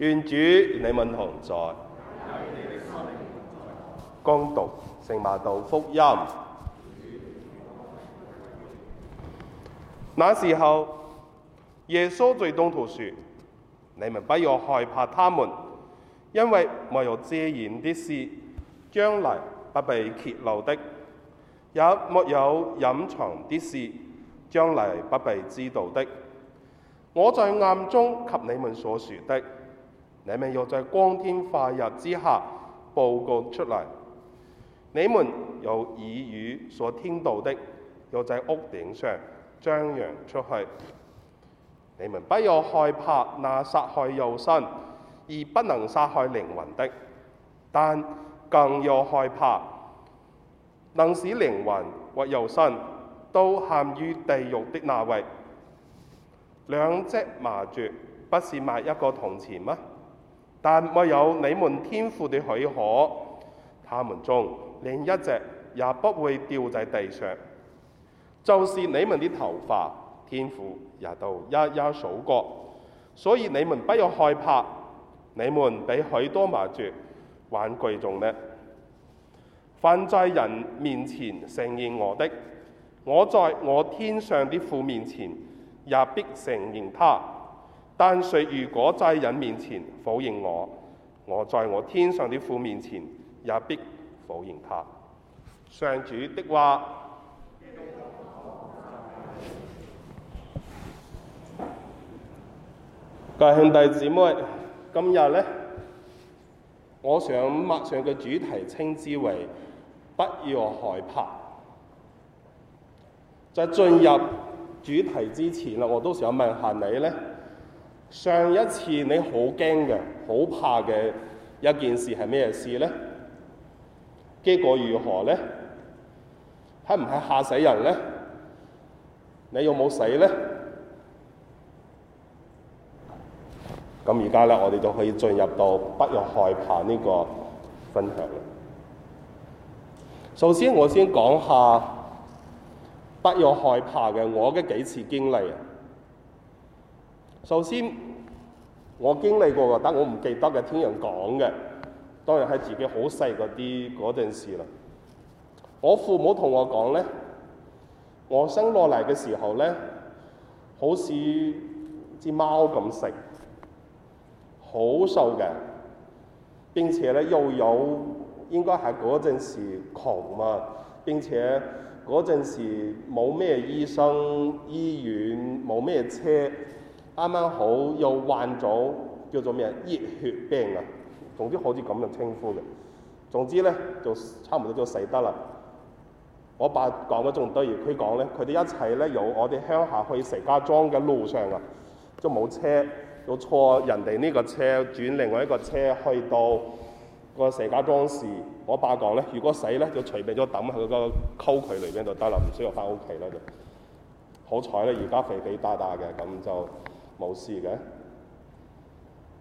願主你們同在恭讀聖瑪竇福音。那時候，耶穌對宗徒說：你們不要害怕他們，因為沒有遮掩的事，將來不被揭露的；也沒有隱藏的事，將來不被知道的。我在暗中給你們所說的。你們又在光天化日之下報告出嚟，你們又耳語所聽到的，又在屋頂上張揚出去。你們不要害怕那殺害肉身而不能殺害靈魂的，但更要害怕能使靈魂或肉身都陷於地獄的那位。兩隻麻雀不是賣一個銅錢嗎？但沒有你們天父的許可，他們中另一隻也不會掉在地上。就是你們的頭髮，天父也都一一數過，所以你們不用害怕。你們比許多麻雀還貴重呢。凡在人面前承認我的，我在我天上的父面前也必承認他。但誰如果在人面前否認我，我在我天上的父面前也必否認他。上主的話， 各位兄弟姊妹，今日呢，我想默上嘅主題稱之為不要害怕。在進入主題之前啦，我都想問下你呢。上一次你好驚嘅、好怕嘅一件事係咩事咧？結果如何咧？係唔係嚇死人咧？你有冇死咧？咁而家咧，我哋就可以進入到不要害怕呢個分享。首先，我先講下不要害怕嘅我嘅幾次經歷。首先，我經歷過嘅，但我唔記得嘅，聽人講嘅，當然係自己好細嗰啲嗰陣時啦。我父母同我講咧，我生落嚟嘅時候咧，好似隻貓咁細，好瘦嘅。並且咧又有應該係嗰陣時窮啊，並且嗰陣時冇咩醫生、醫院，冇咩車。啱啱好又患咗叫做咩啊熱血病啊，總之好似咁樣稱呼嘅。總之咧就差唔多就死得啦。我爸講得仲得住佢講咧，佢哋一齊咧由我哋鄉下去石家莊嘅路上啊，就冇車，要坐人哋呢個車轉另外一個車去到個石家莊市。我爸講咧，如果死咧就隨便咗抌喺個溝渠裏邊就得啦，唔需要翻屋企啦就。好彩咧，而家肥肥大大嘅咁就。冇事嘅，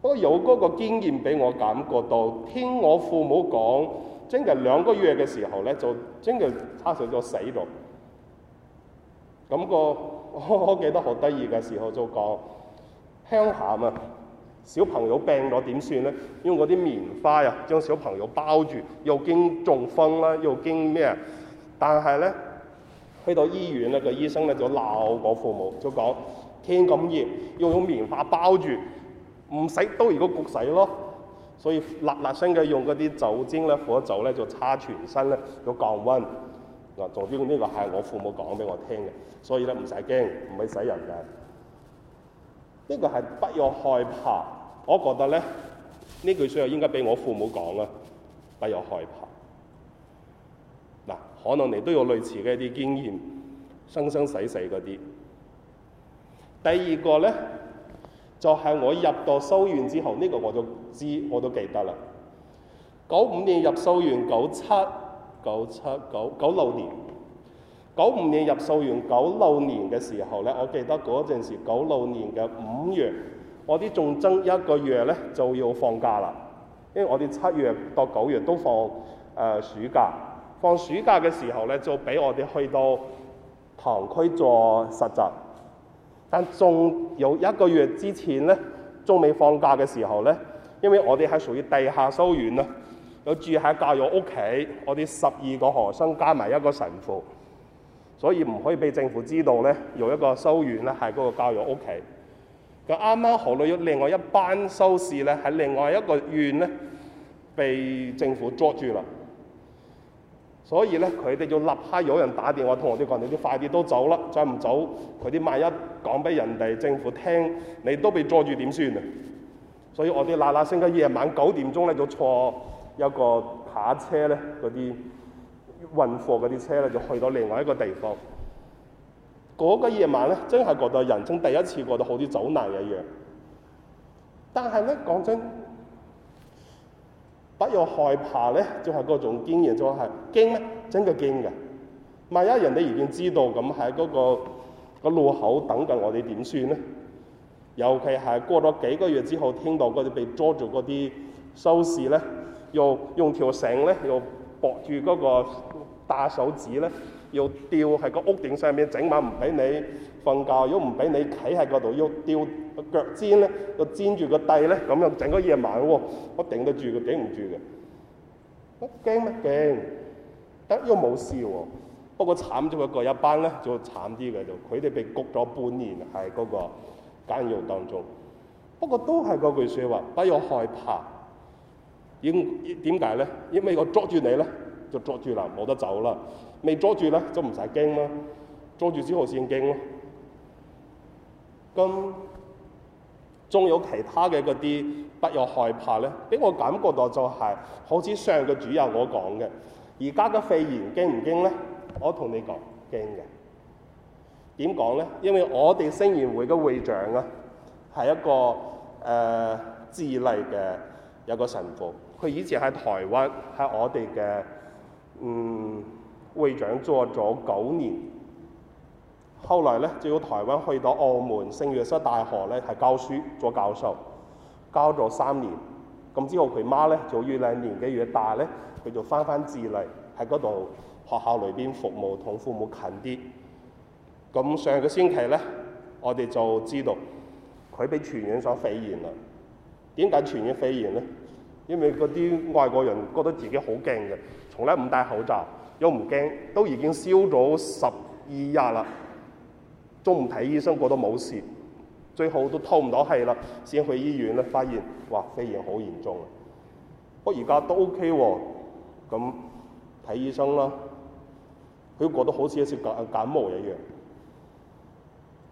不過有嗰個經驗俾我感覺到，聽我父母講，將近兩個月嘅時候咧，就真係差少咗死咗。咁個我記得好得意嘅時候就講鄉下嘛，小朋友病咗點算咧？用嗰啲棉花啊，將小朋友包住，又驚中風啦、啊，又驚咩？但係咧，去到醫院咧，個醫生咧就鬧我父母，就講。天咁熱，要用棉花包住，唔使都如果焗死咯，所以辣辣聲嘅用嗰啲酒精咧、火酒咧就擦全身咧，要降溫。嗱、啊，重要呢個係我父母講俾我聽嘅，所以咧唔使驚，唔會死人嘅。呢、呢個係不要害怕。我覺得咧，呢句説話應該俾我父母講啊，不要害怕。嗱、啊，可能你都有類似嘅一啲經驗，生生死死嗰啲。第二個咧，就係、是、我入到修院之後，呢、這個我就知，我都記得啦。九五年入修院，九七、九七、九九六年，九五年入修院，九六年嘅時候咧，我記得嗰陣時九六年嘅五月，我啲仲爭一個月咧就要放假啦，因為我哋七月到九月都放誒、呃、暑假，放暑假嘅時候咧就俾我哋去到堂區做實習。但仲有一個月之前呢，仲未放假嘅時候呢，因為我哋係屬於地下修院啊，有住喺教育屋企，我哋十二個學生加埋一個神父，所以唔可以被政府知道呢，有一個修院呢係嗰個教育屋企。咁啱啱何來有另外一班修士呢，喺另外一個院呢，被政府捉住啦。所以咧，佢哋就立刻有人打電話同我哋講： 你哋快啲都走啦，再唔走，佢哋萬一講俾人哋政府聽，你都被阻住點算啊？所以我哋嗱嗱聲喺夜晚九點鐘咧，就坐一個下車咧，嗰啲運貨嗰啲車咧，就去到另外一個地方。嗰、嗰個夜晚咧，真係覺得人生第一次過到好似走難一樣。但係咧，講真。不要害怕咧，就係、是、嗰種經驗，就係、是、驚乜？真嘅驚嘅。萬一人哋已經知道咁，喺嗰個路口等緊我哋點算咧？尤其係過咗幾個月之後，聽到嗰啲被捉住嗰啲修士咧，又用條繩咧，又綁住嗰個大手指咧。要吊喺個屋頂上面，整晚唔俾你瞓覺，如果唔俾你企喺嗰度，要吊腳尖咧，要黏住個地咧，咁樣整個夜晚喎，我頂得住佢頂唔住嘅，我驚乜驚？得，係冇事喎、啊，不過慘咗個一班咧，就慘啲嘅就，佢哋被焗咗半年喺嗰個監獄當中，不過都係嗰句説話，不要害怕。點點解咧？因為我捉住你咧，就捉住啦，冇得走啦。未捉住咧，就唔使驚啦。捉住之後先驚咯。咁仲有其他嘅嗰啲，不要害怕咧。俾我感覺到就係、是，好似上個主任我講嘅，而家嘅肺炎驚唔驚咧？我同你講驚嘅。點講咧？因為我哋聖言會嘅會長啊，係一個誒、呃、智利嘅一個神父，佢以前喺台灣，喺我哋嘅嗯。會長做咗九年，後來咧就到台灣去到澳門聖約瑟大學咧，係教書做教授，教咗三年。咁之後佢媽咧就越嚟年紀越大咧，佢就返返智利喺嗰度學校裏邊服務，同父母近啲。咁上個星期咧，我哋就知道佢被傳染咗肺炎啦。點解傳染肺炎咧？因為嗰啲外國人覺得自己好勁嘅，從來唔戴口罩。又唔驚，都已經燒咗十二日啦。仲唔睇醫生，覺得冇事，最後都透唔到氣啦，先去醫院咧，發現哇肺炎好嚴重。啊！我而家都 OK 喎、啊，咁睇醫生啦。佢覺得好似一啲感感冒一樣，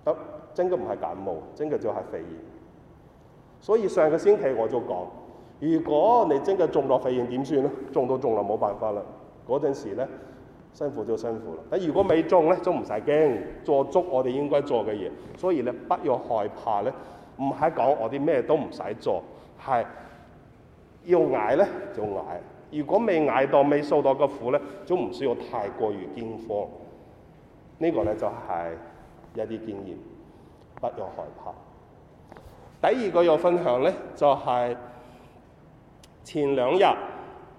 得真嘅唔係感冒，真嘅就係肺炎。所以上個星期我就講，如果你真嘅中咗肺炎點算咧？中都中啦，冇辦法啦。嗰陣時咧辛苦就辛苦啦。但如果未中咧，都唔使驚，做足我哋應該做嘅嘢，所以咧，不要害怕咧。唔係講我啲咩都唔使做，係要捱咧就捱。如果未捱到、未受到個苦咧，都唔需要太過於驚慌。這個、呢個咧就係、是、一啲經驗，不要害怕。第二個要分享咧，就係、是、前兩日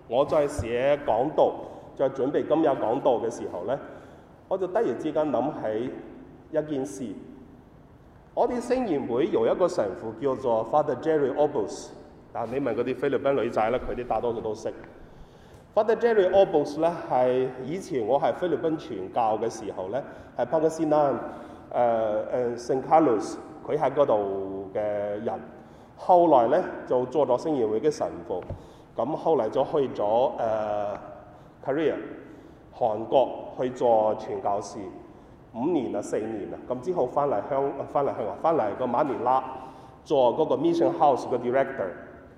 我再寫講道。在準備今日講道嘅時候咧，我就突然之間諗起一件事。我哋聖言會有一個神父叫做 Father Jerry Obos，嗱你問嗰啲菲律賓女仔咧，佢哋大多數都識。Father Jerry Obos 咧，係以前我喺菲律賓傳教嘅時候咧，係邦加斯那，誒誒聖卡洛斯，佢喺嗰度嘅人。後來咧就做咗聖言會嘅神父，咁後嚟就去咗誒。呃韓國去做傳教士五年啊四年啊，咁之後翻嚟香翻嚟香港翻嚟個馬尼拉做嗰個 mission house 嘅 director，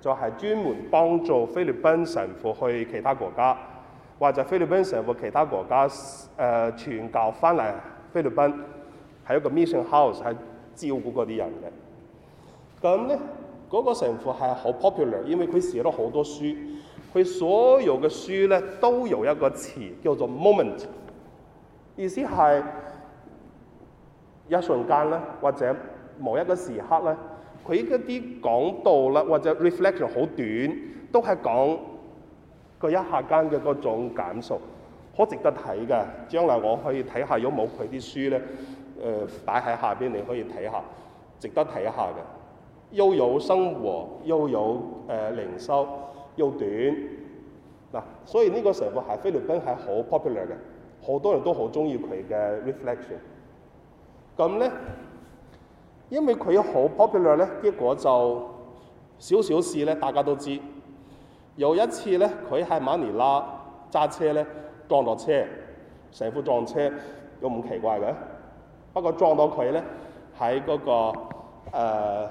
就係專門幫助菲律賓神父去其他國家，或者菲律賓神父其他國家誒傳、呃、教翻嚟菲律賓，喺一個 mission house 係照顧嗰啲人嘅。咁咧嗰個神父係好 popular，因為佢寫咗好多書。佢所有嘅書咧都有一個詞叫做 moment，意思係一瞬間咧或者某一個時刻咧，佢嗰啲講道啦，或者 reflection 好短，都係講個一下間嘅嗰種感受，好值得睇嘅。將來我可以睇下有冇佢啲書咧，誒擺喺下邊你可以睇下，值得睇一下嘅。又有生活又有誒靈修。呃又短嗱、啊，所以呢個神父喺菲律賓係好 popular 嘅，好多人都好中意佢嘅 reflection。咁咧，因為佢好 popular 咧，結果就少少事咧，大家都知。有一次咧，佢喺馬尼拉揸車咧，撞落車，神父撞車有咁奇怪嘅？不過撞到佢咧喺嗰個誒、呃，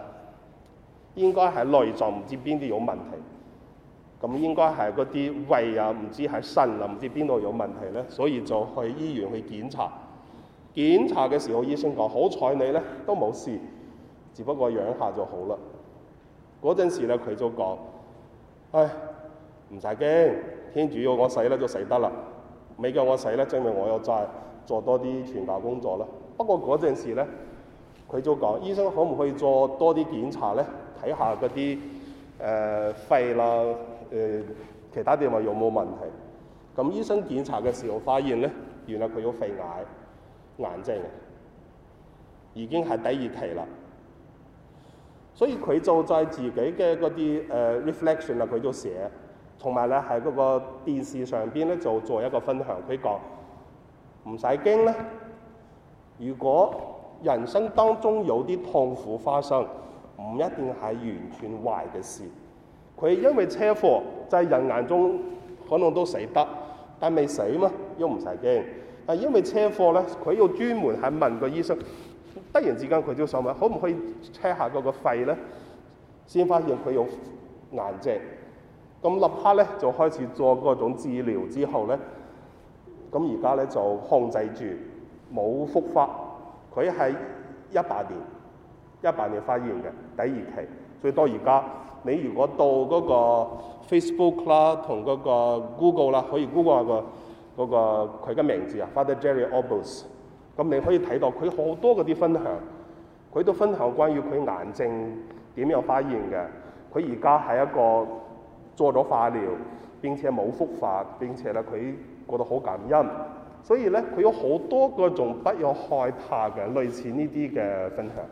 應該係內臟唔知邊啲有問題。咁應該係嗰啲胃啊，唔知喺腎啊，唔知邊度有問題咧，所以就去醫院去檢查。檢查嘅時候，醫生講好彩你咧都冇事，只不過養下就好啦。嗰陣時咧，佢就講：唉，唔使驚，天主要我死咧就死得啦。未夠我死咧，證明我又再做多啲傳教工作啦。不過嗰陣時咧，佢就講：醫生可唔可以做多啲檢查咧？睇下嗰啲誒肺啦。誒、呃、其他電話有冇問題？咁醫生檢查嘅時候發現咧，原來佢有肺癌，癌症，已經係第二期啦。所以佢就在自己嘅嗰啲誒 reflection 啊，佢都寫，同埋咧喺嗰個電視上邊咧就做一個分享。佢講，唔使驚啦，如果人生當中有啲痛苦發生，唔一定係完全壞嘅事。佢因為車禍就係人眼中可能都死得，但未死嘛，又唔使驚。但因為車禍咧，佢要專門係問個醫生。突然之間，佢就想問，可唔可以 check 下嗰個肺咧？先發現佢有癌症。咁立刻咧就開始做嗰種治療，之後咧，咁而家咧就控制住，冇復發。佢係一八年，一八年發現嘅第二期，最多而家。你如果到嗰個 Facebook 啦，同嗰個 Google 啦，可以 Google 下個嗰個佢嘅名字啊，Father Jerry Obos。咁你可以睇到佢好多嗰啲分享，佢都分享關於佢癌症點樣發現嘅。佢而家係一個做咗化療，並且冇復發，並且咧佢覺得好感恩。所以咧，佢有好多嗰種不要害怕嘅類似呢啲嘅分享。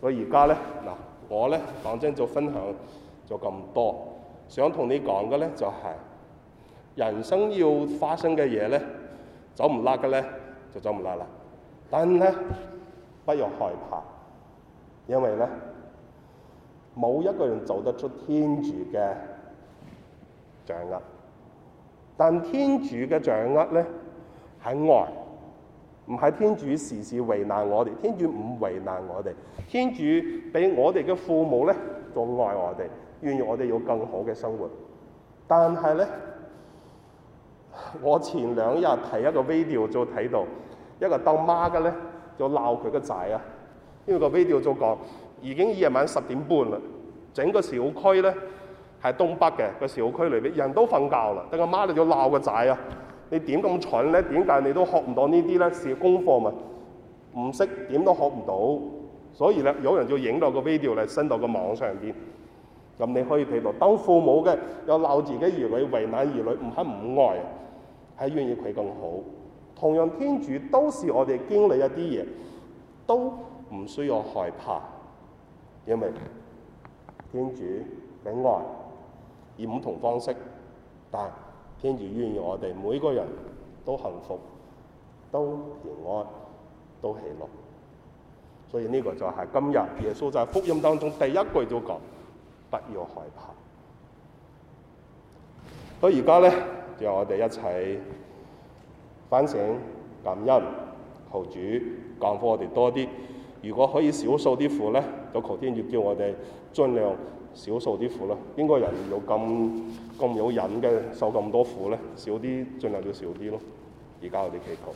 所以而家咧嗱。我咧講真，做分享做咁多，想同你講嘅咧就係、是、人生要發生嘅嘢咧，走唔甩嘅咧就走唔甩啦。但咧不要害怕，因為咧冇一個人做得出天主嘅掌握，但天主嘅掌握咧喺愛。唔係天主時時為難我哋，天主唔為難我哋。天主俾我哋嘅父母咧，仲愛我哋，願意我哋有更好嘅生活。但係咧，我前兩日睇一個 video 就睇到一個當媽嘅咧，就鬧佢個仔啊。因為個 video 就講已經夜晚十點半啦，整個小區咧係東北嘅個小區裏邊，人都瞓覺啦，等個媽咧就鬧個仔啊。你點咁蠢咧？點解你都學唔到呢啲咧？試功課嘛？唔識點都學唔到，所以咧有人就影到個 video 嚟，伸到個網上邊，咁你可以睇到。當父母嘅又鬧自己兒女，為難兒女，唔係唔愛，係願意佢更好。同樣天主都是我哋經歷一啲嘢，都唔需要害怕，因為天主嘅愛以唔同方式，但。天主願意我哋每個人都幸福、都平安、都喜樂，所以呢個就係今日耶穌就喺福音當中第一句都講：不要害怕。所以而家咧，就我哋一齊反省、感恩，求主降福我哋多啲。如果可以少受啲苦咧，就求天主叫我哋盡量。少受啲苦啦，邊個人有咁咁有癮嘅受咁多苦咧？少啲，盡量要少啲咯。而家我哋祈求。